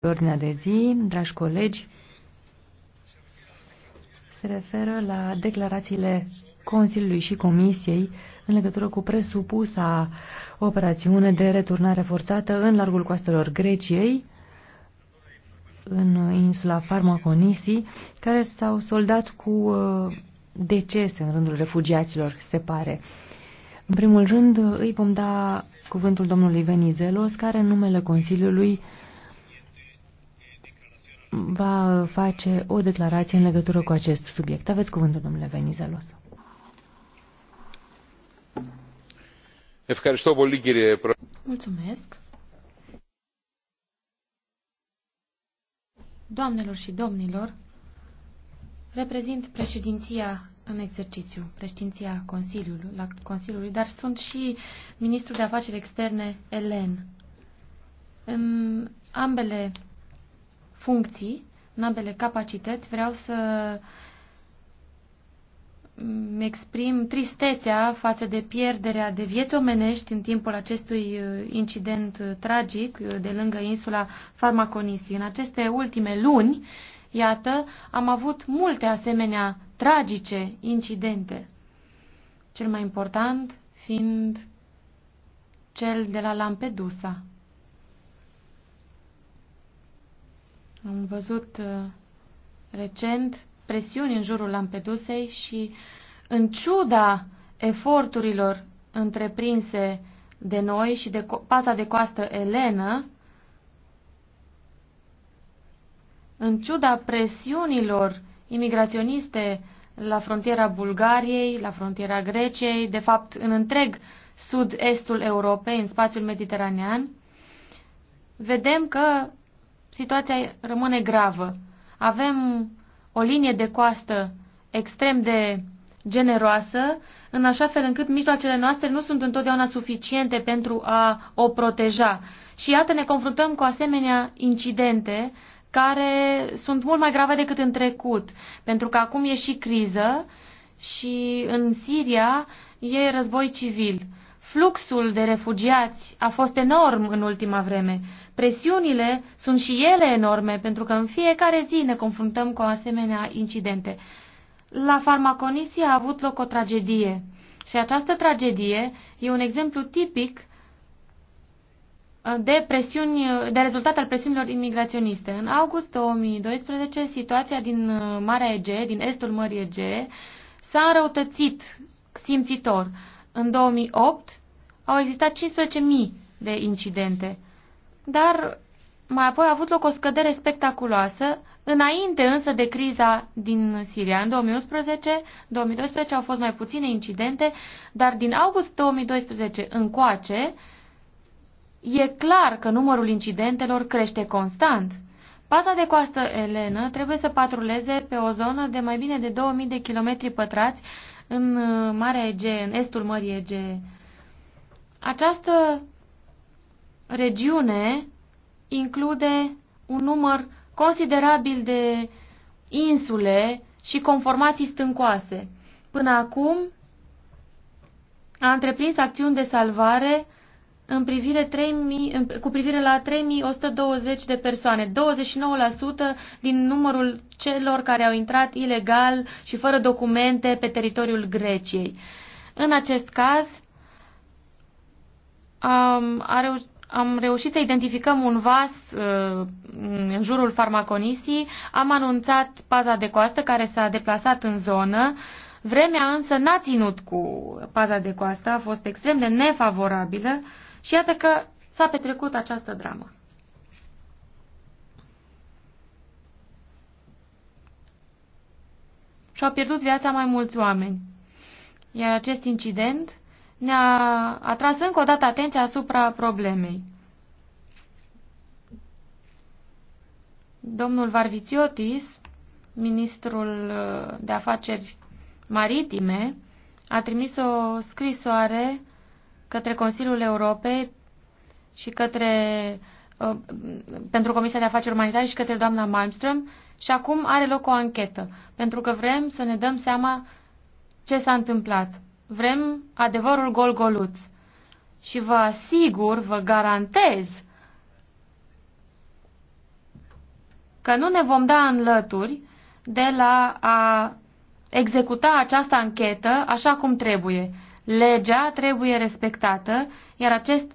ordinea de zi, dragi colegi, se referă la declarațiile Consiliului și Comisiei în legătură cu presupusa operațiune de returnare forțată în largul coastelor Greciei, în insula Farmaconisi, care s-au soldat cu uh, decese în rândul refugiaților, se pare. În primul rând, îi vom da cuvântul domnului Venizelos, care în numele Consiliului va face o declarație în legătură cu acest subiect. Aveți cuvântul, domnule Venizelos. Mulțumesc. Doamnelor și domnilor, reprezint președinția în exercițiu, președinția Consiliului, la Consiliului, dar sunt și ministrul de afaceri externe, Elen. În ambele funcții, în ambele capacități, vreau să exprim tristețea față de pierderea de vieți omenești în timpul acestui uh, incident uh, tragic uh, de lângă insula Farmaconisi. În aceste ultime luni, iată, am avut multe asemenea tragice incidente. Cel mai important fiind cel de la Lampedusa. Am văzut uh, recent presiuni în jurul Lampedusei și, în ciuda eforturilor întreprinse de noi și de paza de coastă elenă, în ciuda presiunilor imigraționiste la frontiera Bulgariei, la frontiera Greciei, de fapt în întreg sud-estul Europei, în spațiul mediteranean, vedem că situația rămâne gravă. Avem o linie de coastă extrem de generoasă, în așa fel încât mijloacele noastre nu sunt întotdeauna suficiente pentru a o proteja. Și iată, ne confruntăm cu asemenea incidente care sunt mult mai grave decât în trecut, pentru că acum e și criză și în Siria e război civil. Fluxul de refugiați a fost enorm în ultima vreme. Presiunile sunt și ele enorme, pentru că în fiecare zi ne confruntăm cu asemenea incidente. La farmaconisia a avut loc o tragedie și această tragedie e un exemplu tipic uh, de, presiuni, uh, de rezultat al presiunilor imigraționiste. În august 2012, situația din uh, Marea Ege, din estul Mării Ege, s-a înrăutățit simțitor. În 2008 au existat 15.000 de incidente dar mai apoi a avut loc o scădere spectaculoasă, înainte însă de criza din Siria. În 2011-2012 au fost mai puține incidente, dar din august 2012 încoace, e clar că numărul incidentelor crește constant. Paza de coastă Elena trebuie să patruleze pe o zonă de mai bine de 2000 de kilometri pătrați în Marea Ege, în estul Mării Ege. Această regiune include un număr considerabil de insule și conformații stâncoase. Până acum a întreprins acțiuni de salvare în privire 3000, cu privire la 3120 de persoane, 29% din numărul celor care au intrat ilegal și fără documente pe teritoriul Greciei. În acest caz, a, a reușit am reușit să identificăm un vas uh, în jurul farmaconisii, am anunțat paza de coastă care s-a deplasat în zonă, vremea însă n-a ținut cu paza de coastă, a fost extrem de nefavorabilă și iată că s-a petrecut această dramă. Și-au pierdut viața mai mulți oameni. Iar acest incident ne-a atras încă o dată atenția asupra problemei. Domnul Varvițiotis, ministrul uh, de afaceri maritime, a trimis o scrisoare către Consiliul Europei și către uh, pentru Comisia de Afaceri Umanitare și către doamna Malmström și acum are loc o anchetă, pentru că vrem să ne dăm seama ce s-a întâmplat. Vrem adevărul golgoluț. Și vă asigur, vă garantez că nu ne vom da înlături de la a executa această anchetă așa cum trebuie. Legea trebuie respectată, iar acest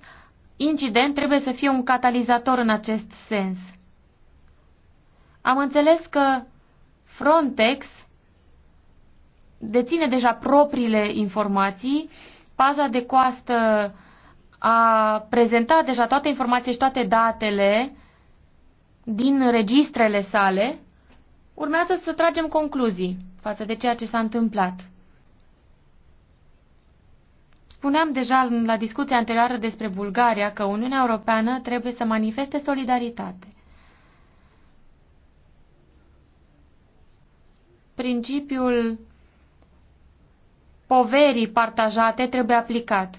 incident trebuie să fie un catalizator în acest sens. Am înțeles că Frontex deține deja propriile informații, paza de coastă a prezentat deja toate informațiile și toate datele din registrele sale, urmează să tragem concluzii față de ceea ce s-a întâmplat. Spuneam deja la discuția anterioară despre Bulgaria că Uniunea Europeană trebuie să manifeste solidaritate. Principiul poverii partajate trebuie aplicat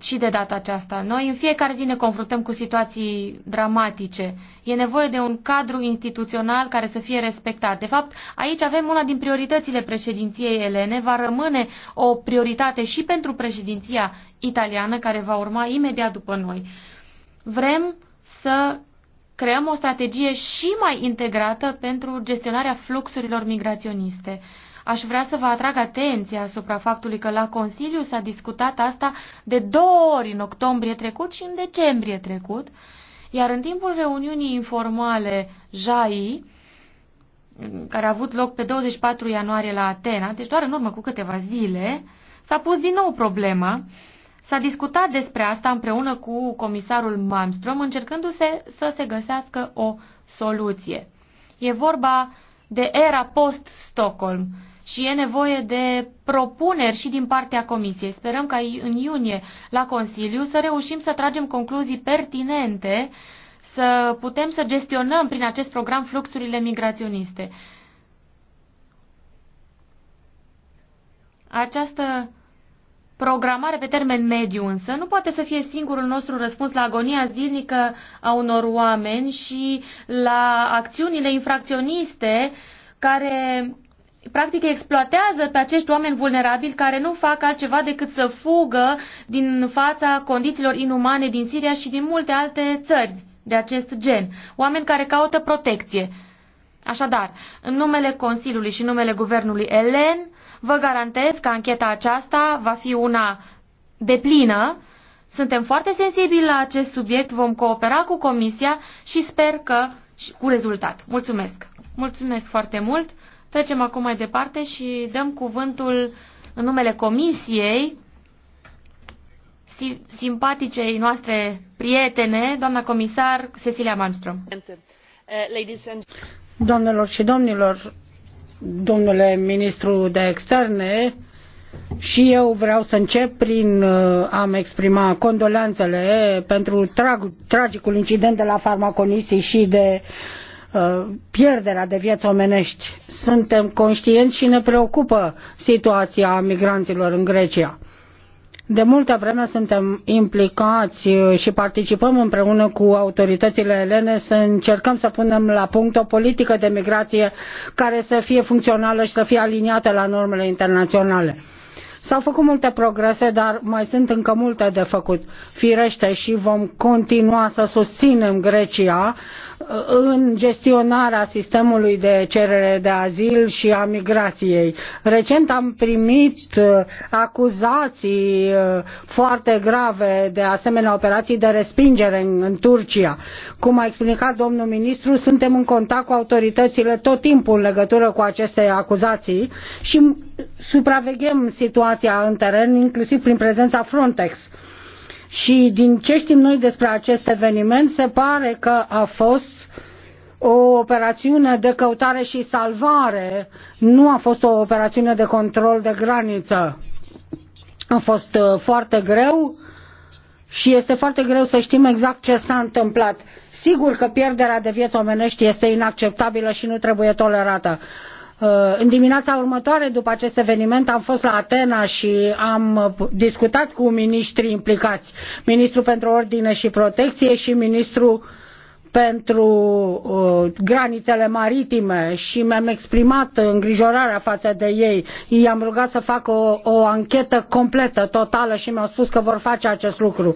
și de data aceasta. Noi în fiecare zi ne confruntăm cu situații dramatice. E nevoie de un cadru instituțional care să fie respectat. De fapt, aici avem una din prioritățile președinției elene. Va rămâne o prioritate și pentru președinția italiană care va urma imediat după noi. Vrem să creăm o strategie și mai integrată pentru gestionarea fluxurilor migraționiste. Aș vrea să vă atrag atenția asupra faptului că la Consiliu s-a discutat asta de două ori în octombrie trecut și în decembrie trecut, iar în timpul reuniunii informale JAI, care a avut loc pe 24 ianuarie la Atena, deci doar în urmă cu câteva zile, s-a pus din nou problema S-a discutat despre asta împreună cu comisarul Malmström, încercându-se să se găsească o soluție. E vorba de era post-Stockholm și e nevoie de propuneri și din partea Comisiei. Sperăm ca în iunie la Consiliu să reușim să tragem concluzii pertinente, să putem să gestionăm prin acest program fluxurile migraționiste. Această Programare pe termen mediu însă nu poate să fie singurul nostru răspuns la agonia zilnică a unor oameni și la acțiunile infracționiste care practic exploatează pe acești oameni vulnerabili care nu fac altceva decât să fugă din fața condițiilor inumane din Siria și din multe alte țări de acest gen. Oameni care caută protecție. Așadar, în numele Consiliului și numele Guvernului Elen, Vă garantez că ancheta aceasta va fi una deplină. Suntem foarte sensibili la acest subiect, vom coopera cu Comisia și sper că și cu rezultat. Mulțumesc! Mulțumesc foarte mult! Trecem acum mai departe și dăm cuvântul în numele Comisiei simpaticei noastre prietene, doamna comisar Cecilia Malmström. Eh, Doamnelor și domnilor, domnule ministru de externe, și eu vreau să încep prin uh, a-mi exprima condolanțele pentru trag, tragicul incident de la farmaconisii și de uh, pierderea de vieți omenești. Suntem conștienți și ne preocupă situația migranților în Grecia de multă vreme suntem implicați uh, și participăm împreună cu autoritățile elene să încercăm să punem la punct o politică de migrație care să fie funcțională și să fie aliniată la normele internaționale. S-au făcut multe progrese, dar mai sunt încă multe de făcut. Firește și vom continua să susținem Grecia în gestionarea sistemului de cerere de azil și a migrației. Recent am primit uh, acuzații uh, foarte grave de asemenea operații de respingere în, în Turcia. Cum a explicat domnul ministru, suntem în contact cu autoritățile tot timpul în legătură cu aceste acuzații și supraveghem situația în teren, inclusiv prin prezența Frontex. Și din ce știm noi despre acest eveniment, se pare că a fost o operațiune de căutare și salvare, nu a fost o operațiune de control de graniță. A fost uh, foarte greu și este foarte greu să știm exact ce s-a întâmplat. Sigur că pierderea de vieți omenești este inacceptabilă și nu trebuie tolerată. Uh, în dimineața următoare, după acest eveniment, am fost la Atena și am discutat cu miniștrii implicați, ministrul pentru ordine și protecție și ministrul pentru uh, granițele maritime și mi-am exprimat îngrijorarea față de ei. I-am rugat să facă o, o anchetă completă, totală și mi-au spus că vor face acest lucru. Uh,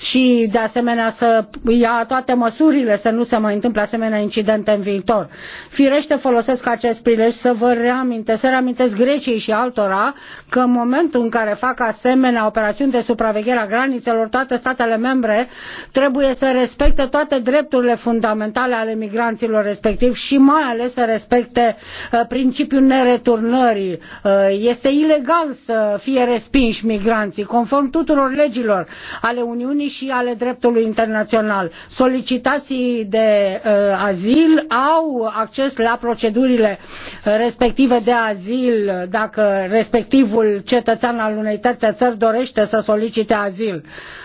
și de asemenea să ia toate măsurile să nu se mai întâmple asemenea incidente în viitor. Firește folosesc acest prilej să vă reamintesc, să reamintesc Greciei și altora că în momentul în care fac asemenea operațiuni de supraveghere a granițelor, toate statele membre trebuie să respecte toate drepturile fundamentale ale migranților respectiv și mai ales să respecte uh, principiul nereturnării. Uh, este ilegal să fie respinși migranții, conform tuturor legilor ale Uniunii și ale dreptului internațional. Solicitații de uh, azil au acces la procedurile uh, respective de azil dacă respectivul cetățean al unei terțe țări dorește să solicite azil.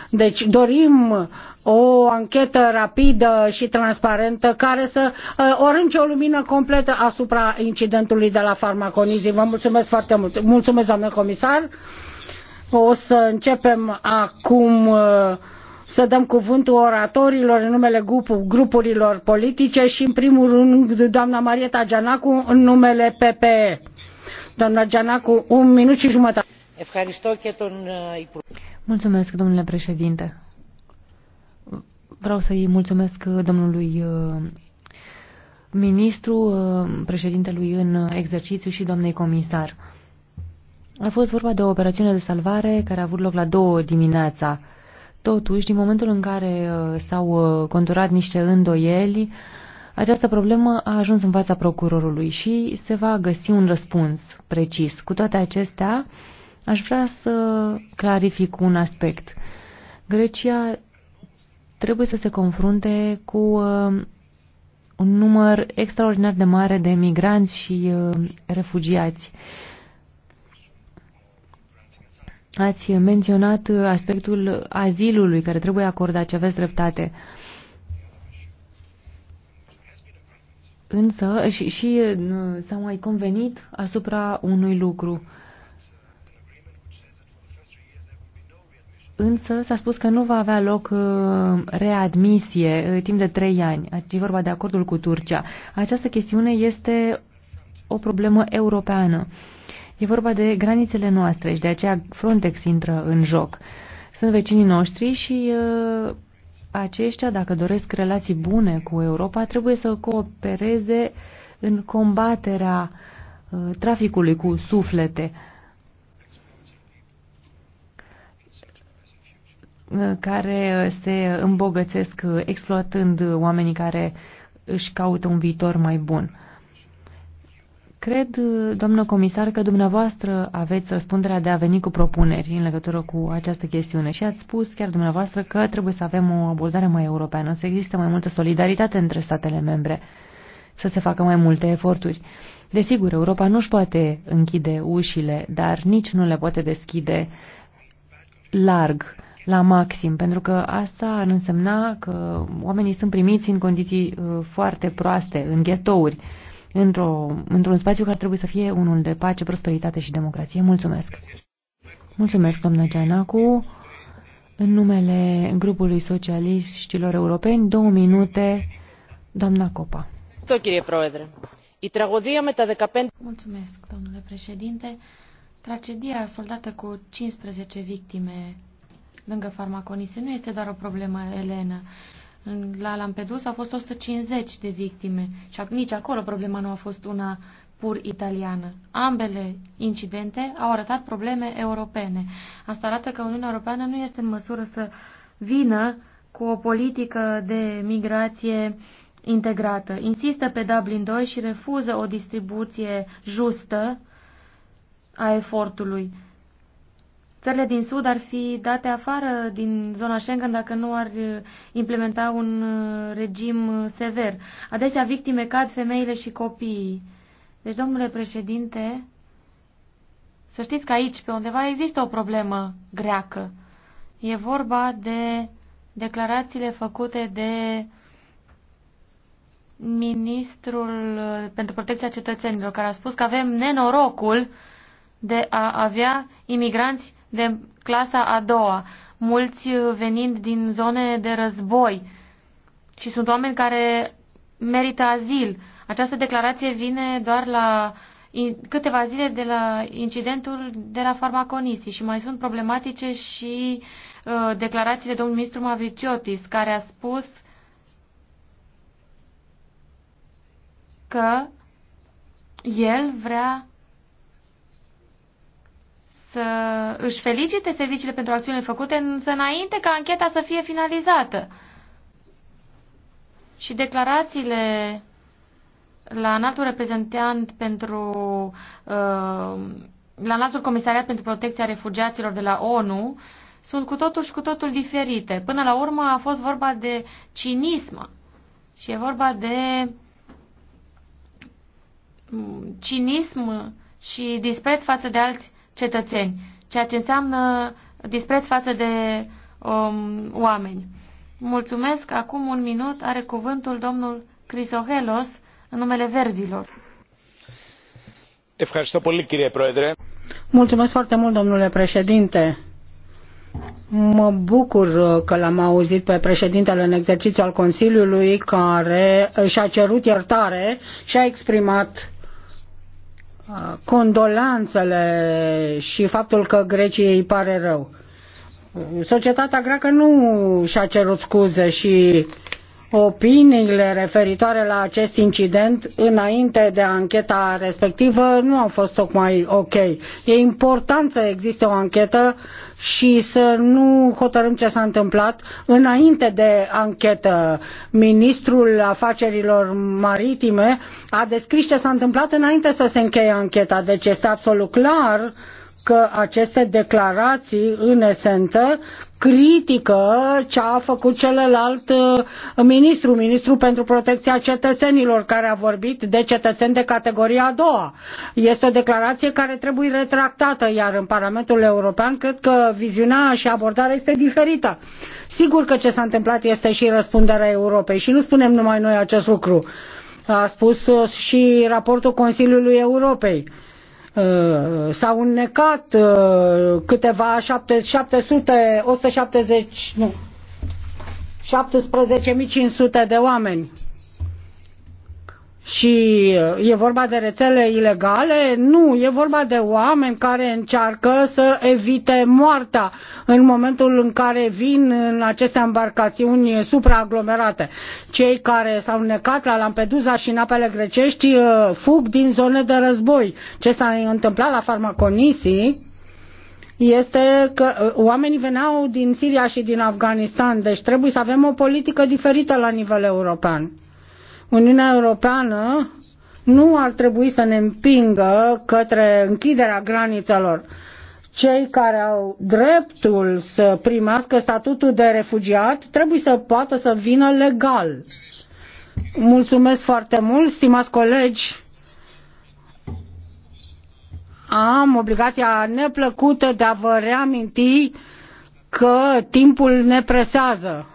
Deci dorim o anchetă rapidă și transparentă care să uh, orânce o lumină completă asupra incidentului de la farmaconizii. Vă mulțumesc foarte mult. Mulțumesc, doamnă comisar. O să începem acum uh, să dăm cuvântul oratorilor în numele grupurilor politice și în primul rând doamna Marieta Gianacu în numele PPE. Doamna Gianacu, un minut și jumătate. Mulțumesc, domnule președinte. Vreau să-i mulțumesc domnului uh, ministru, uh, președintelui în exercițiu și doamnei comisar. A fost vorba de o operațiune de salvare care a avut loc la două dimineața. Totuși, din momentul în care uh, s-au uh, conturat niște îndoieli, această problemă a ajuns în fața procurorului și se va găsi un răspuns precis. Cu toate acestea, aș vrea să clarific un aspect. Grecia trebuie să se confrunte cu uh, un număr extraordinar de mare de migranți și refugiați. Ați menționat uh, aspectul azilului care trebuie acordat ce aveți dreptate. Însă, și, și uh, s-a mai convenit asupra unui lucru. Însă s-a spus că nu va avea loc uh, readmisie timp de trei ani. E vorba de acordul cu Turcia. Această chestiune este o problemă europeană. E vorba de granițele noastre și de aceea Frontex intră în joc. Sunt vecinii noștri și uh, aceștia, dacă doresc relații bune cu Europa, trebuie să coopereze în combaterea uh, traficului cu suflete. Uh, care uh, se îmbogățesc uh, exploatând oamenii care își caută un viitor mai bun. Cred, doamnă comisar, că dumneavoastră aveți răspunderea de a veni cu propuneri în legătură cu această chestiune și ați spus chiar dumneavoastră că trebuie să avem o abordare mai europeană, să există mai multă solidaritate între statele membre, să se facă mai multe eforturi. Desigur, Europa nu-și poate închide ușile, dar nici nu le poate deschide larg, la maxim, pentru că asta ar însemna că oamenii sunt primiți în condiții uh, foarte proaste, în ghetouri într-o, într-un spațiu care trebuie să fie unul de pace, prosperitate și democrație. Mulțumesc! Mulțumesc, doamnă Gianacu. În numele grupului socialiștilor europeni, două minute, doamna Copa. Mulțumesc, domnule președinte. Tragedia soldată cu 15 victime lângă farmaconise nu este doar o problemă Elena. La Lampedusa au fost 150 de victime și nici acolo problema nu a fost una pur italiană. Ambele incidente au arătat probleme europene. Asta arată că Uniunea Europeană nu este în măsură să vină cu o politică de migrație integrată. Insistă pe Dublin 2 și refuză o distribuție justă a efortului. Țările din Sud ar fi date afară din zona Schengen dacă nu ar implementa un uh, regim uh, sever. Adesea victime cad femeile și copiii. Deci, domnule președinte, să știți că aici, pe undeva, există o problemă greacă. E vorba de declarațiile făcute de ministrul uh, pentru protecția cetățenilor, care a spus că avem nenorocul de a avea imigranți de clasa a doua, mulți uh, venind din zone de război și sunt oameni care merită azil. Această declarație vine doar la câteva zile de la incidentul de la farmaconisi și mai sunt problematice și uh, declarațiile domnului ministru Mavriciotis, care a spus că el vrea să își felicite serviciile pentru acțiunile făcute, însă înainte ca ancheta să fie finalizată. Și declarațiile la înaltul reprezentant pentru uh, la înaltul comisariat pentru protecția refugiaților de la ONU sunt cu totul și cu totul diferite. Până la urmă a fost vorba de cinism și e vorba de mm, cinism și dispreț față de alți cetățeni ceea ce înseamnă dispreț față de um, oameni. Mulțumesc. Acum un minut are cuvântul domnul Crisohelos în numele verzilor. Mulțumesc foarte mult, domnule președinte. Mă bucur că l-am auzit pe președintele în exercițiu al Consiliului care și-a cerut iertare și a exprimat condolanțele și faptul că grecia îi pare rău. Societatea greacă nu și-a cerut scuze și opiniile referitoare la acest incident înainte de ancheta respectivă nu au fost tocmai ok. E important să existe o anchetă și să nu hotărâm ce s-a întâmplat înainte de anchetă. Ministrul Afacerilor Maritime a descris ce s-a întâmplat înainte să se încheie ancheta, deci este absolut clar uh, că aceste declarații, în esență, critică ce a făcut celălalt uh, ministru, ministru pentru protecția cetățenilor, care a vorbit de cetățeni de categoria a doua. Este o declarație care trebuie retractată, iar în Parlamentul European cred că viziunea și abordarea este diferită. Sigur că ce s-a întâmplat este și răspunderea Europei și nu spunem numai noi acest lucru. A spus și raportul Consiliului Europei Uh, s-au înnecat uh, câteva 700, 170, nu, 17.500 de oameni și uh, e vorba de rețele ilegale, nu, e vorba de oameni care încearcă să evite moartea în momentul în care vin în aceste embarcațiuni supraaglomerate. Cei care s-au necat la Lampedusa și în apele grecești uh, fug din zone de război. Ce s-a întâmplat la farmaconisii este că uh, oamenii veneau din Siria și din Afganistan, deci trebuie să avem o politică diferită la nivel european Uniunea Europeană nu ar trebui să ne împingă către închiderea granițelor. Cei care au dreptul să primească statutul de refugiat trebuie să poată să vină legal. Mulțumesc foarte mult, stimați colegi. Am obligația neplăcută de a vă reaminti că timpul ne presează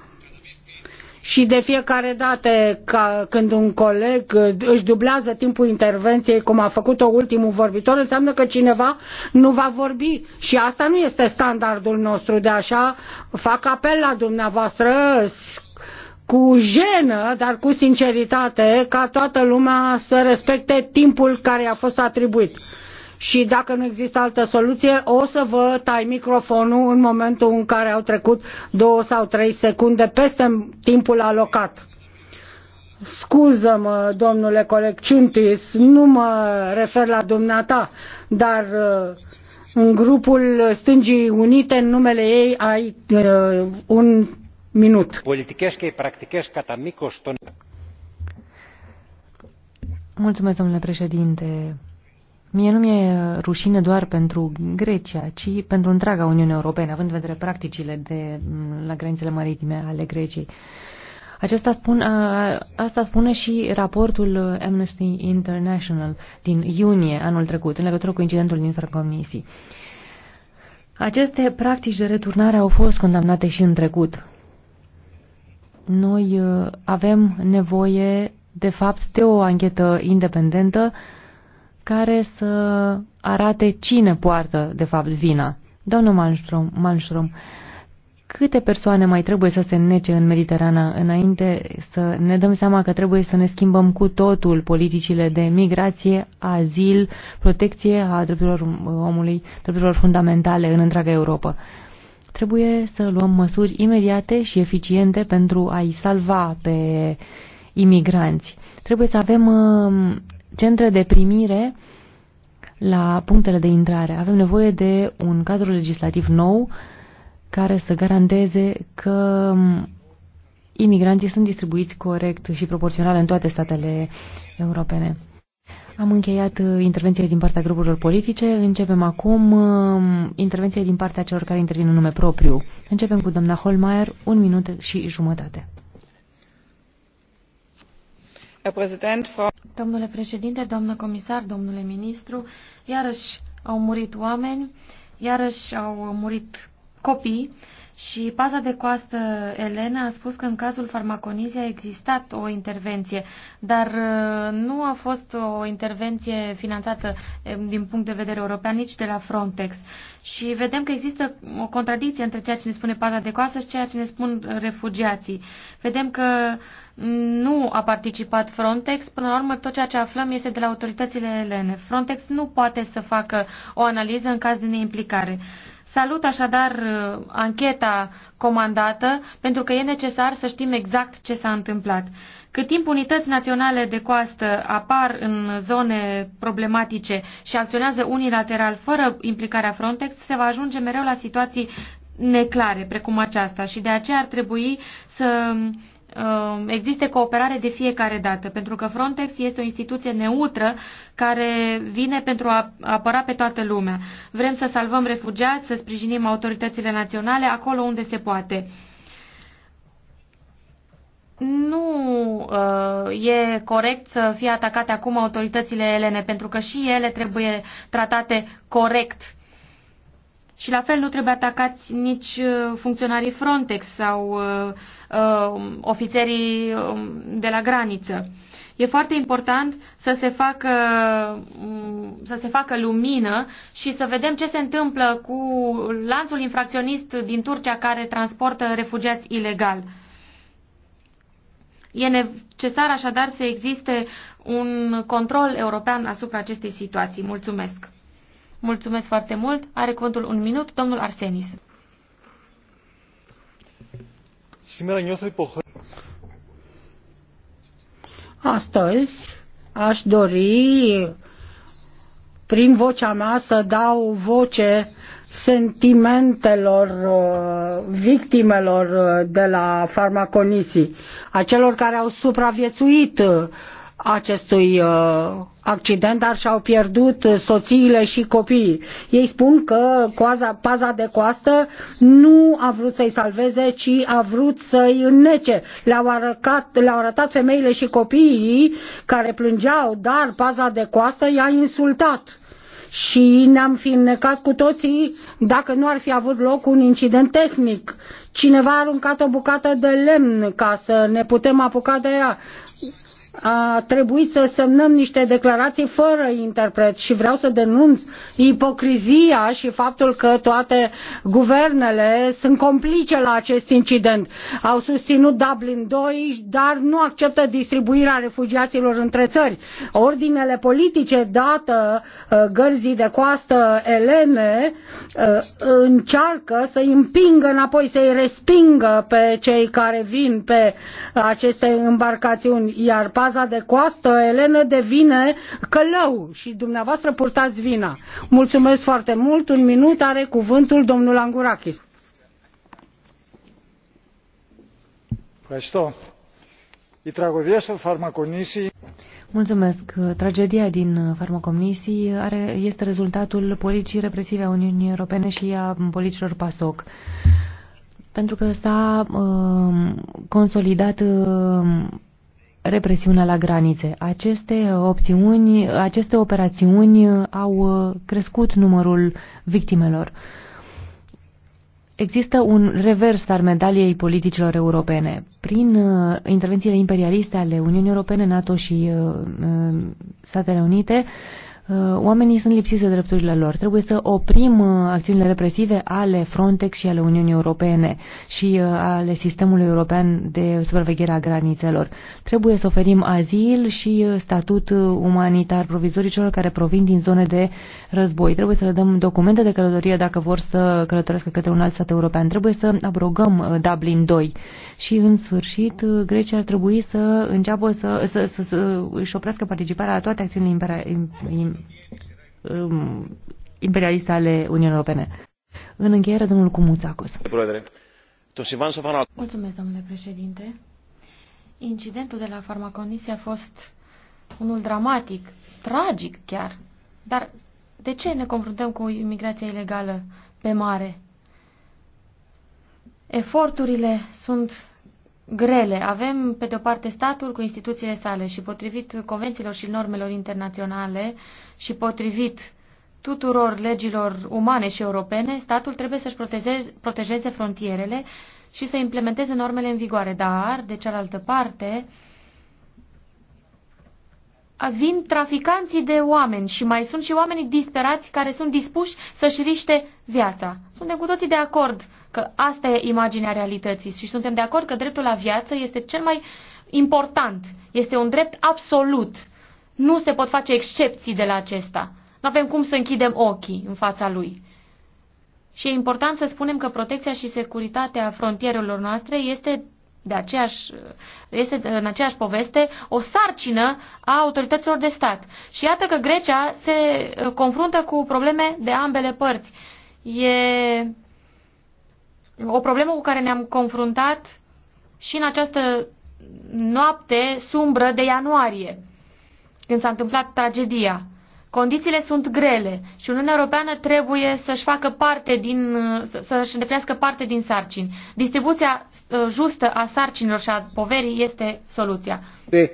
și de fiecare dată ca când un coleg uh, își dublează timpul intervenției, cum a făcut-o ultimul vorbitor, înseamnă că cineva nu va vorbi și asta nu este standardul nostru, de așa fac apel la dumneavoastră cu jenă, dar cu sinceritate, ca toată lumea să respecte timpul care i-a fost atribuit și dacă nu există altă soluție, o să vă tai microfonul în momentul în care au trecut două sau trei secunde peste timpul alocat. Scuză-mă, domnule coleg Ciuntis, nu mă refer la dumneata, dar uh, în grupul Stângii Unite, în numele ei, ai uh, un minut. Mulțumesc, domnule președinte. Mie nu mi-e uh, rușine doar pentru Grecia, ci pentru întreaga Uniune Europeană, având în vedere practicile de, mm, la granițele maritime ale Greciei. Aceasta spun, a, asta spune și raportul uh, Amnesty International din iunie anul trecut, în legătură cu incidentul din Franconisii. Aceste practici de returnare au fost condamnate și în trecut. Noi uh, avem nevoie, de fapt, de o anchetă independentă uh, care să arate cine poartă, de fapt, vina. Domnul Malmström, Malmström, câte persoane mai trebuie să se nece în Mediterana înainte să ne dăm seama că trebuie să ne schimbăm cu totul politicile de migrație, azil, protecție a drepturilor omului, drepturilor fundamentale în întreaga Europa. Trebuie să luăm măsuri imediate și eficiente pentru a-i salva pe imigranți. Trebuie să avem centre de primire la punctele de intrare. Avem nevoie de un cadru legislativ nou care să garanteze că imigranții sunt distribuiți corect și proporțional în toate statele europene. Am încheiat uh, intervenția din partea grupurilor politice. Începem acum uh, intervenția din partea celor care intervin în nume propriu. Începem cu doamna Holmeier, un minut și jumătate. Domnule președinte, doamnă comisar, domnule ministru, iarăși au murit oameni, iarăși au murit copii. Și paza de coastă, Elena, a spus că în cazul farmaconizii a existat o intervenție, dar uh, nu a fost o intervenție finanțată eh, din punct de vedere european nici de la Frontex. Și vedem că există o contradicție între ceea ce ne spune paza de coastă și ceea ce ne spun refugiații. Vedem că mm, nu a participat Frontex. Până la urmă, tot ceea ce aflăm este de la autoritățile elene. Frontex nu poate să facă o analiză în caz de neimplicare. Salut așadar uh, ancheta comandată pentru că e necesar să știm exact ce s-a întâmplat. Cât timp unități naționale de coastă apar în zone problematice și acționează unilateral fără implicarea Frontex, se va ajunge mereu la situații neclare, precum aceasta, și de aceea ar trebui să Um, existe cooperare de fiecare dată, pentru că Frontex este o instituție neutră care vine pentru a apăra pe toată lumea. Vrem să salvăm refugiați, să sprijinim autoritățile naționale acolo unde se poate. Nu uh, e corect să fie atacate acum autoritățile elene, pentru că și ele trebuie tratate corect și la fel nu trebuie atacați nici uh, funcționarii Frontex sau uh, uh, ofițerii um, de la graniță. E foarte important să se, facă, um, să se facă lumină și să vedem ce se întâmplă cu lanțul infracționist din Turcia care transportă refugiați ilegal. E necesar așadar să existe un control european asupra acestei situații. Mulțumesc! Mulțumesc foarte mult. Are cuvântul un minut, domnul Arsenis. Σήμερα νιώθω υποχρέωση. Astăzi aș dori prin vocea mea să dau voce sentimentelor uh, victimelor uh, de la farmaconisii, a celor care au supraviețuit uh, acestui uh, accident, dar și-au pierdut soțiile și copiii. Ei spun că coaza, paza de coastă nu a vrut să-i salveze, ci a vrut să-i înnece. Le-au arătat, le-au arătat femeile și copiii care plângeau, dar paza de coastă i-a insultat și ne-am fi înnecat cu toții dacă nu ar fi avut loc un incident tehnic. Cineva a aruncat o bucată de lemn ca să ne putem apuca de ea a trebuit să semnăm niște declarații fără interpret și vreau să denunț ipocrizia și faptul că toate guvernele sunt complice la acest incident. Au susținut Dublin 2, dar nu acceptă distribuirea refugiaților între țări. Ordinele politice dată uh, gărzii de coastă elene uh, încearcă să îi împingă înapoi, să îi respingă pe cei care vin pe aceste embarcațiuni, iar paza de coastă, Elene devine călău și dumneavoastră purtați vina. Mulțumesc foarte mult. Un minut are cuvântul domnul Angurakis. Mulțumesc. Tragedia din farmacomisii are, este rezultatul politicii represive a Uniunii Europene și a politicilor PASOC. Pentru că s-a uh, consolidat uh, represiunea la granițe. Aceste opțiuni, aceste operațiuni au uh, crescut numărul victimelor. Există un revers al medaliei politicilor europene. Prin uh, intervențiile imperialiste ale Uniunii Europene, NATO și uh, uh Statele Unite, uh, Uh, oamenii sunt lipsiți de drepturile lor. Trebuie să oprim uh, acțiunile represive ale Frontex și ale Uniunii Europene și uh, ale sistemului european de supraveghere a granițelor. Trebuie să oferim azil și statut umanitar provizoricilor celor care provin din zone de război. Trebuie să le dăm documente de călătorie dacă vor să călătorească către un alt stat european. Trebuie să abrogăm Dublin 2 și în sfârșit Grecia ar trebui să înceapă să, să, să, să își oprească participarea la toate acțiunile um, imperialiste ale Uniunii Europene. În încheiere, domnul Cumuțacos. Mulțumesc, domnule președinte. Incidentul de la farmaconisie a fost unul dramatic, tragic chiar. Dar de ce ne confruntăm cu imigrația ilegală pe mare? Eforturile sunt grele. Avem, pe de o parte, statul cu instituțiile sale și potrivit convențiilor și normelor internaționale și potrivit tuturor legilor umane și europene, statul trebuie să-și protejeze, protejeze frontierele și să implementeze normele în vigoare. Dar, de cealaltă parte, uh, vin traficanții de oameni și mai sunt și oamenii disperați care sunt dispuși să-și riște viața. Suntem cu toții de acord că asta e imaginea realității și suntem de acord că dreptul la viață este cel mai important, este un drept absolut. Nu se pot face excepții de la acesta. Nu avem cum să închidem ochii în fața lui. Și e important să spunem că protecția și securitatea frontierelor noastre este de aceeași, este în aceeași poveste o sarcină a autorităților de stat. Și iată că Grecia se uh, confruntă cu probleme de ambele părți. E o problemă cu care ne-am confruntat și în această noapte sumbră de ianuarie, când s-a întâmplat tragedia. Condițiile sunt grele și Uniunea Europeană trebuie să-și facă parte din, să-și îndeplinească parte din sarcini. Distribuția uh, justă a sarcinilor și a poverii este soluția. De,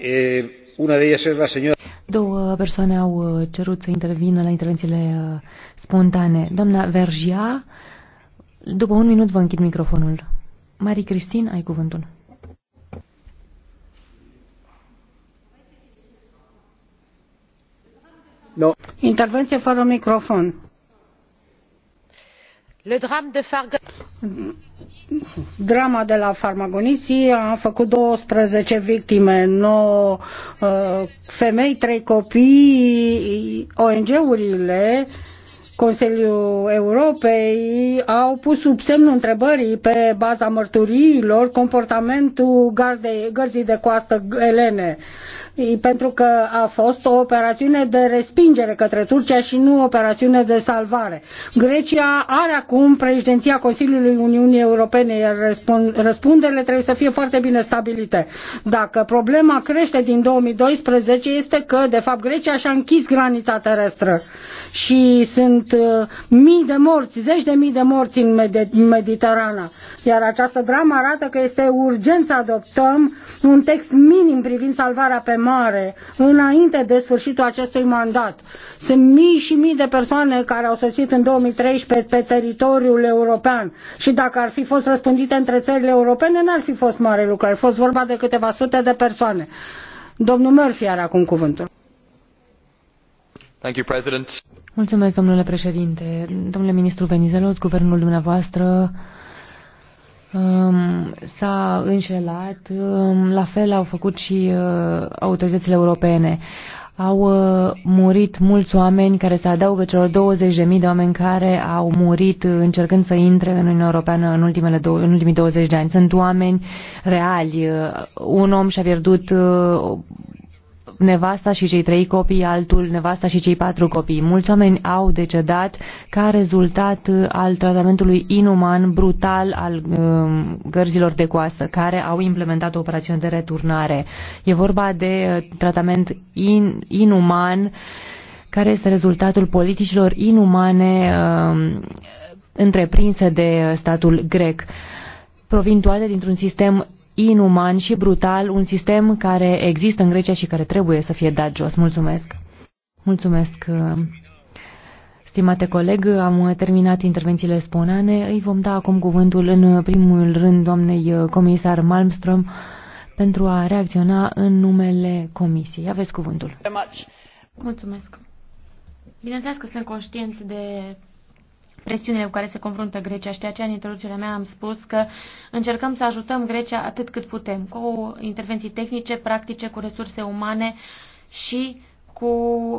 e, una de ellas la Două persoane au uh, cerut să intervină la intervențiile uh, spontane. Doamna Vergia, după un minut vă închid microfonul. Marie Cristin, ai cuvântul. Intervenție fără microfon. de Drama de la Farmagonisi a făcut 12 victime, 9 uh, femei, 3 copii, ONG-urile Consiliul Europei au pus sub semnul întrebării pe baza mărturiilor comportamentul gardei, gărzii de coastă elene pentru că a fost o operațiune de respingere către Turcia și nu o operațiune de salvare. Grecia are acum președinția Consiliului Uniunii Europene, iar răspunderile trebuie să fie foarte bine stabilite. Dacă problema crește din 2012 este că, de fapt, Grecia și-a închis granița terestră și sunt uh, mii de morți, zeci de mii de morți în Mediterana. Iar această dramă arată că este urgent să adoptăm un text minim privind salvarea pe mare înainte de sfârșitul acestui mandat. Sunt mii și mii de persoane care au sosit în 2013 pe teritoriul european și dacă ar fi fost răspândite între țările europene, n-ar fi fost mare lucru, ar fi fost vorba de câteva sute de persoane. Domnul Murphy are acum cuvântul. Thank you, President. Mulțumesc, domnule președinte. Domnule ministru Venizelos, guvernul dumneavoastră um, s-a înșelat. Um, la fel au făcut și uh, autoritățile europene. Au uh, murit mulți oameni care se adaugă celor 20.000 de oameni care au murit încercând să intre în Uniunea Europeană în, ultimele dou- în ultimii 20 de ani. Sunt oameni reali. Uh, un om și-a pierdut uh, nevasta și cei trei copii, altul nevasta și cei patru copii. Mulți oameni au decedat ca rezultat al tratamentului inuman, brutal al um, gărzilor de coastă, care au implementat o operațiune de returnare. E vorba de uh, tratament in, inuman, care este rezultatul politicilor inumane um, întreprinse de statul grec. Provin toate dintr-un sistem inuman și brutal un sistem care există în Grecia și care trebuie să fie dat jos. Mulțumesc! Mulțumesc, uh, stimate coleg, am terminat intervențiile spunane. Îi vom da acum cuvântul în primul rând doamnei uh, comisar Malmström pentru a reacționa în numele comisiei. Aveți cuvântul. Mulțumesc! Bineînțeles că suntem conștienți de presiunile cu care se confruntă Grecia și de aceea în introducerea mea am spus că încercăm să ajutăm Grecia atât cât putem, cu intervenții tehnice, practice, cu resurse umane și cu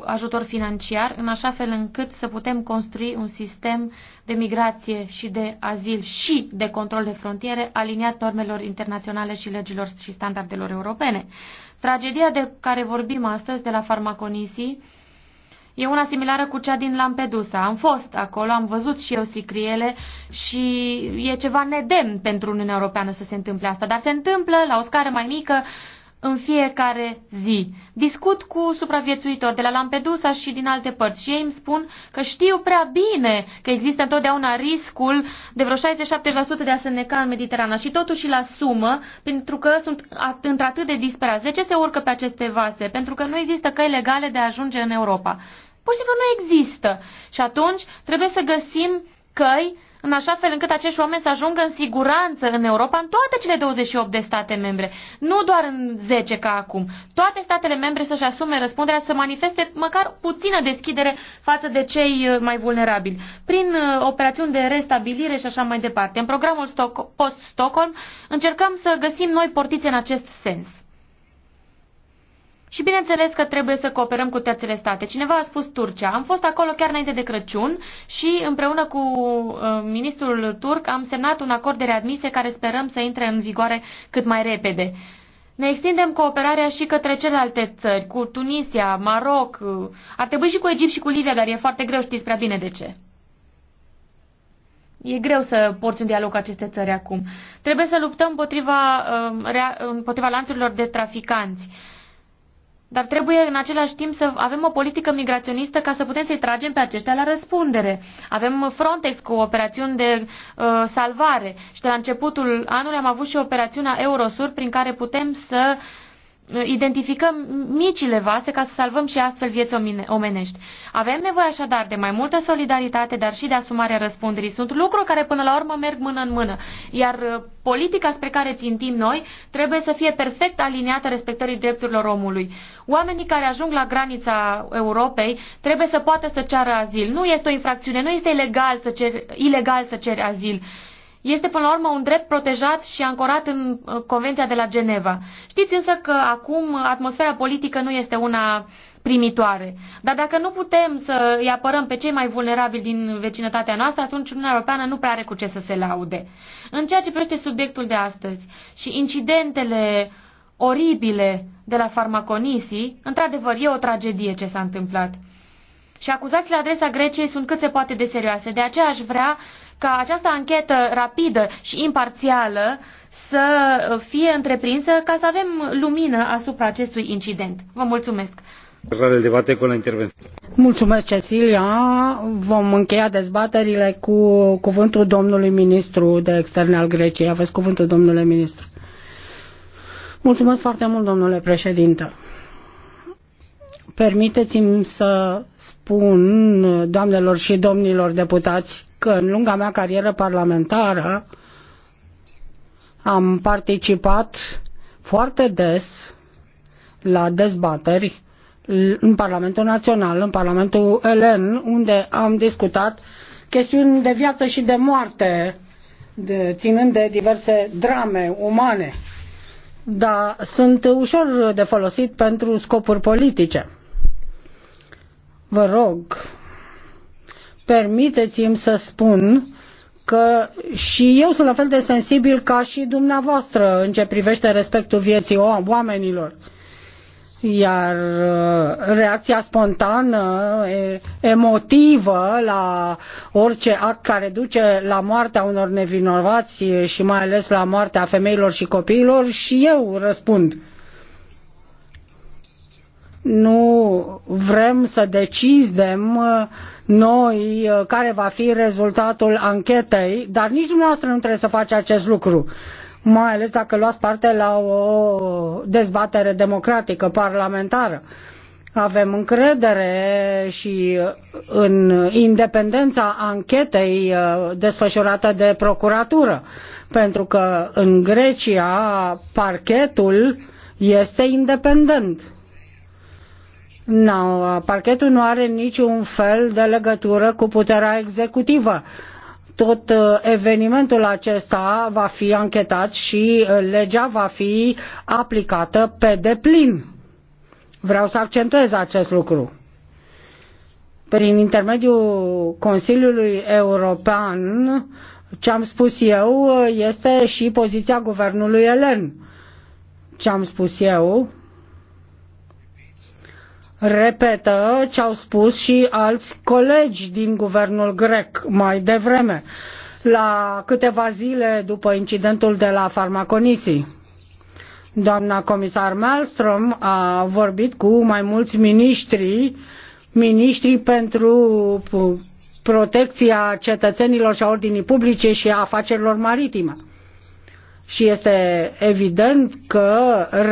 ajutor financiar, în așa fel încât să putem construi un sistem de migrație și de azil și de control de frontiere aliniat normelor internaționale și legilor și standardelor europene. Tragedia de care vorbim astăzi de la farmaconisii E una similară cu cea din Lampedusa. Am fost acolo, am văzut și eu sicriele și e ceva nedemn pentru Uniunea Europeană să se întâmple asta, dar se întâmplă la o scară mai mică în fiecare zi. Discut cu supraviețuitori de la Lampedusa și din alte părți și ei îmi spun că știu prea bine că există întotdeauna riscul de vreo 60-70% de a se neca în Mediterana și totuși îl asumă pentru că sunt într-atât de disperați. De ce se urcă pe aceste vase? Pentru că nu există căi legale de a ajunge în Europa pur și simplu nu există. Și atunci trebuie să găsim căi în așa fel încât acești oameni să ajungă în siguranță în Europa, în toate cele 28 de state membre, nu doar în 10 ca acum. Toate statele membre să-și asume răspunderea, să manifeste măcar puțină deschidere față de cei uh, mai vulnerabili, prin uh, operațiuni de restabilire și așa mai departe. În programul Stoc- Post-Stockholm încercăm să găsim noi portițe în acest sens. Și bineînțeles că trebuie să cooperăm cu terțele state. Cineva a spus Turcia. Am fost acolo chiar înainte de Crăciun și împreună cu uh, ministrul turc am semnat un acord de readmisie care sperăm să intre în vigoare cât mai repede. Ne extindem cooperarea și către celelalte țări, cu Tunisia, Maroc, uh, ar trebui și cu Egipt și cu Libia, dar e foarte greu, știți prea bine de ce. E greu să porți un dialog cu aceste țări acum. Trebuie să luptăm împotriva, uh, împotriva lanțurilor de traficanți. Dar trebuie în același timp să avem o politică migraționistă ca să putem să-i tragem pe aceștia la răspundere. Avem Frontex cu operațiuni de uh, salvare și de la începutul anului am avut și operațiunea Eurosur prin care putem să uh, identificăm micile vase ca să salvăm și astfel vieți omenești. Avem nevoie așadar de mai multă solidaritate, dar și de asumarea răspunderii. Sunt lucruri care până la urmă merg mână în mână, iar uh, politica spre care țintim noi trebuie să fie perfect aliniată respectării drepturilor omului. Oamenii care ajung la granița Europei trebuie să poată să ceară azil. Nu este o infracțiune, nu este ilegal să ceri, ilegal să ceri azil este până la urmă un drept protejat și ancorat în uh, Convenția de la Geneva. Știți însă că acum atmosfera politică nu este una primitoare. Dar dacă nu putem să îi apărăm pe cei mai vulnerabili din vecinătatea noastră, atunci Uniunea Europeană nu prea are cu ce să se laude. În ceea ce privește subiectul de astăzi și incidentele oribile de la farmaconisii, într-adevăr e o tragedie ce s-a întâmplat. Și acuzațiile la adresa Greciei sunt cât se poate de serioase. De aceea aș vrea ca această anchetă rapidă și imparțială să fie întreprinsă ca să avem lumină asupra acestui incident. Vă mulțumesc! Mulțumesc, Cecilia. Vom încheia dezbaterile cu cuvântul domnului ministru de externe al Greciei. Aveți cuvântul, domnule ministru. Mulțumesc foarte mult, domnule președinte. Permiteți-mi să spun, doamnelor și domnilor deputați, că în lunga mea carieră parlamentară am participat foarte des la dezbateri în Parlamentul Național, în Parlamentul Elen, unde am discutat chestiuni de viață și de moarte, de, ținând de diverse drame umane. Dar sunt ușor de folosit pentru scopuri politice. Vă rog permiteți-mi să spun că și eu sunt la fel de sensibil ca și dumneavoastră în ce privește respectul vieții oamenilor. Iar uh, reacția spontană, emotivă la orice act care duce la moartea unor nevinovați și mai ales la moartea femeilor și copiilor, și eu răspund nu vrem să decidem uh, noi uh, care va fi rezultatul anchetei, dar nici dumneavoastră nu trebuie să face acest lucru mai ales dacă luați parte la o dezbatere democratică, parlamentară. Avem încredere și uh, în independența anchetei desfășurată de procuratură, pentru că în Grecia parchetul este independent nu, uh, parchetul nu are niciun fel de legătură cu puterea executivă. Tot uh, evenimentul acesta va fi anchetat și uh, legea va fi aplicată pe deplin. Vreau să accentuez acest lucru. Prin intermediul Consiliului European, ce am spus eu este și poziția guvernului elen. Ce am spus eu repetă ce au spus și alți colegi din guvernul grec mai devreme, la câteva zile după incidentul de la Farmaconisi. Doamna comisar Malmström a vorbit cu mai mulți miniștri, miniștri pentru protecția cetățenilor și a ordinii publice și a afacerilor maritime. Și este evident că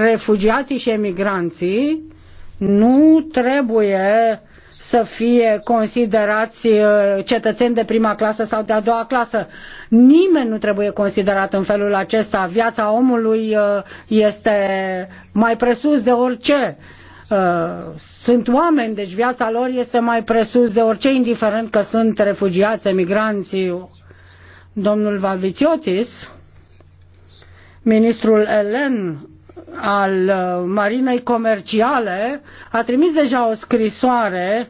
refugiații și emigranții nu trebuie să fie considerați uh, cetățeni de prima clasă sau de a doua clasă. Nimeni nu trebuie considerat în felul acesta. Viața omului uh, este mai presus de orice. Uh, sunt oameni, deci viața lor este mai presus de orice, indiferent că sunt refugiați, emigranți. Domnul Valviciotis, ministrul Elen al uh, Marinei Comerciale a trimis deja o scrisoare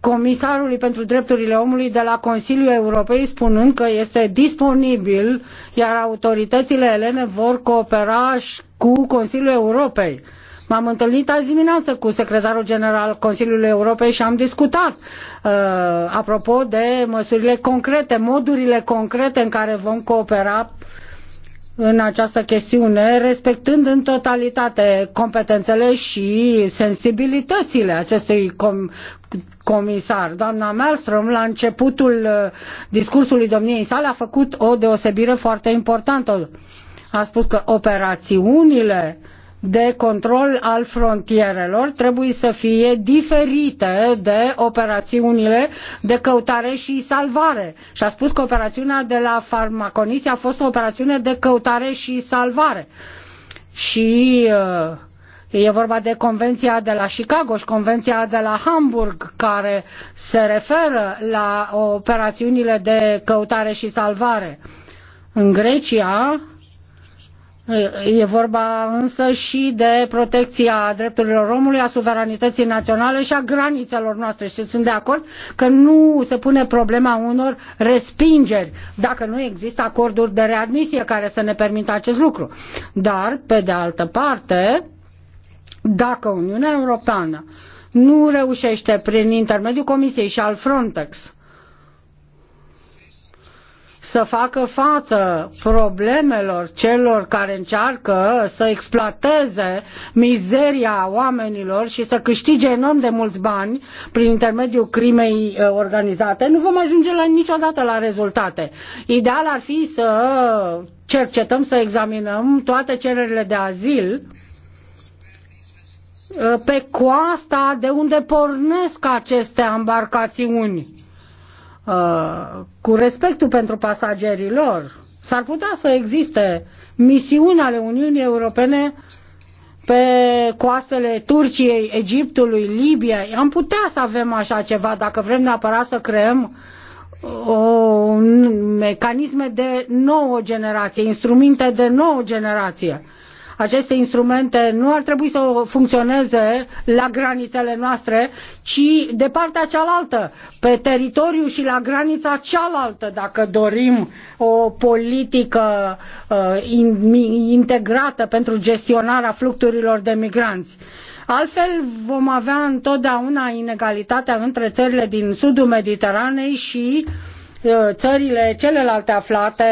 comisarului pentru drepturile omului de la Consiliul Europei spunând că este disponibil, iar autoritățile elene vor coopera și cu Consiliul Europei. M-am întâlnit azi dimineață cu secretarul general Consiliului Europei și am discutat uh, apropo de măsurile concrete, modurile concrete în care vom coopera în această chestiune, respectând în totalitate competențele și sensibilitățile acestui com comisar. Doamna Malmström, la începutul uh, discursului domniei sale, a făcut o deosebire foarte importantă. A spus că operațiunile uh, de control al frontierelor trebuie să fie diferite de operațiunile de căutare și salvare. Și a spus că operațiunea de la Farmaconiți a fost o operațiune de căutare și salvare. Și uh, E vorba de Convenția de la Chicago și Convenția de la Hamburg, care se referă la operațiunile de căutare și salvare. În Grecia, E vorba însă și de protecția drepturilor omului, a suveranității naționale și a granițelor noastre. Și sunt de acord că nu se pune problema unor respingeri, dacă nu există acorduri de readmisie care să ne permită acest lucru. Dar, pe de altă parte, dacă Uniunea Europeană nu reușește prin intermediul Comisiei și al Frontex să facă față problemelor celor care încearcă să exploateze mizeria oamenilor și să câștige enorm de mulți bani prin intermediul crimei uh, organizate, nu vom ajunge la, niciodată la rezultate. Ideal ar fi să cercetăm, să examinăm toate cererile de azil uh, pe coasta de unde pornesc aceste embarcațiuni uh, cu respectul pentru pasagerii lor. S-ar putea să existe misiuni ale Uniunii Europene pe coastele Turciei, Egiptului, Libiei. Am putea să avem așa ceva dacă vrem neapărat să creăm uh, o, mecanisme de nouă generație, instrumente de nouă generație aceste instrumente nu ar trebui să funcționeze la granițele noastre, ci de partea cealaltă, pe teritoriu și la granița cealaltă, dacă dorim o politică uh, integrată pentru gestionarea fluxurilor de migranți. Altfel vom avea întotdeauna inegalitatea între țările din sudul Mediteranei și uh, Uh, țările celelalte aflate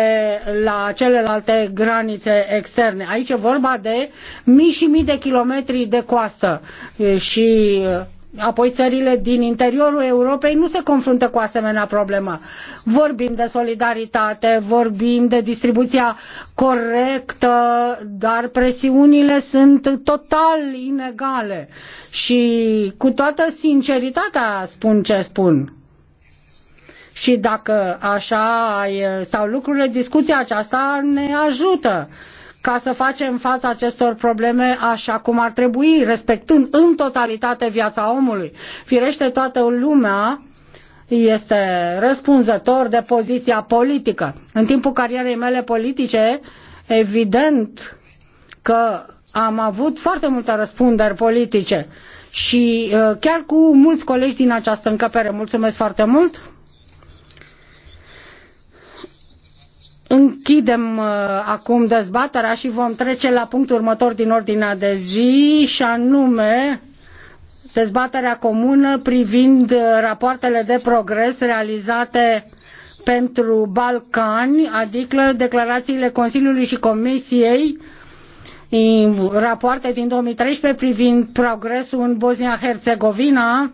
la celelalte granițe externe. Aici e vorba de mii și mii de kilometri de coastă și uh, Apoi țările din interiorul Europei nu se confruntă cu asemenea problemă. Vorbim de solidaritate, vorbim de distribuția corectă, dar presiunile sunt total inegale. Și cu toată sinceritatea spun ce spun și dacă așa stau lucrurile, discuția aceasta ne ajută ca să facem față acestor probleme așa cum ar trebui, respectând în totalitate viața omului. Firește toată lumea este răspunzător de poziția politică. În timpul carierei mele politice, evident că am avut foarte multe răspunderi politice și uh, chiar cu mulți colegi din această încăpere. Mulțumesc foarte mult! Închidem uh, acum dezbaterea și vom trece la punctul următor din ordinea de zi și anume dezbaterea comună privind uh, rapoartele de progres realizate pentru Balcani, adică declarațiile Consiliului și Comisiei rapoarte din 2013 privind progresul în Bosnia-Herzegovina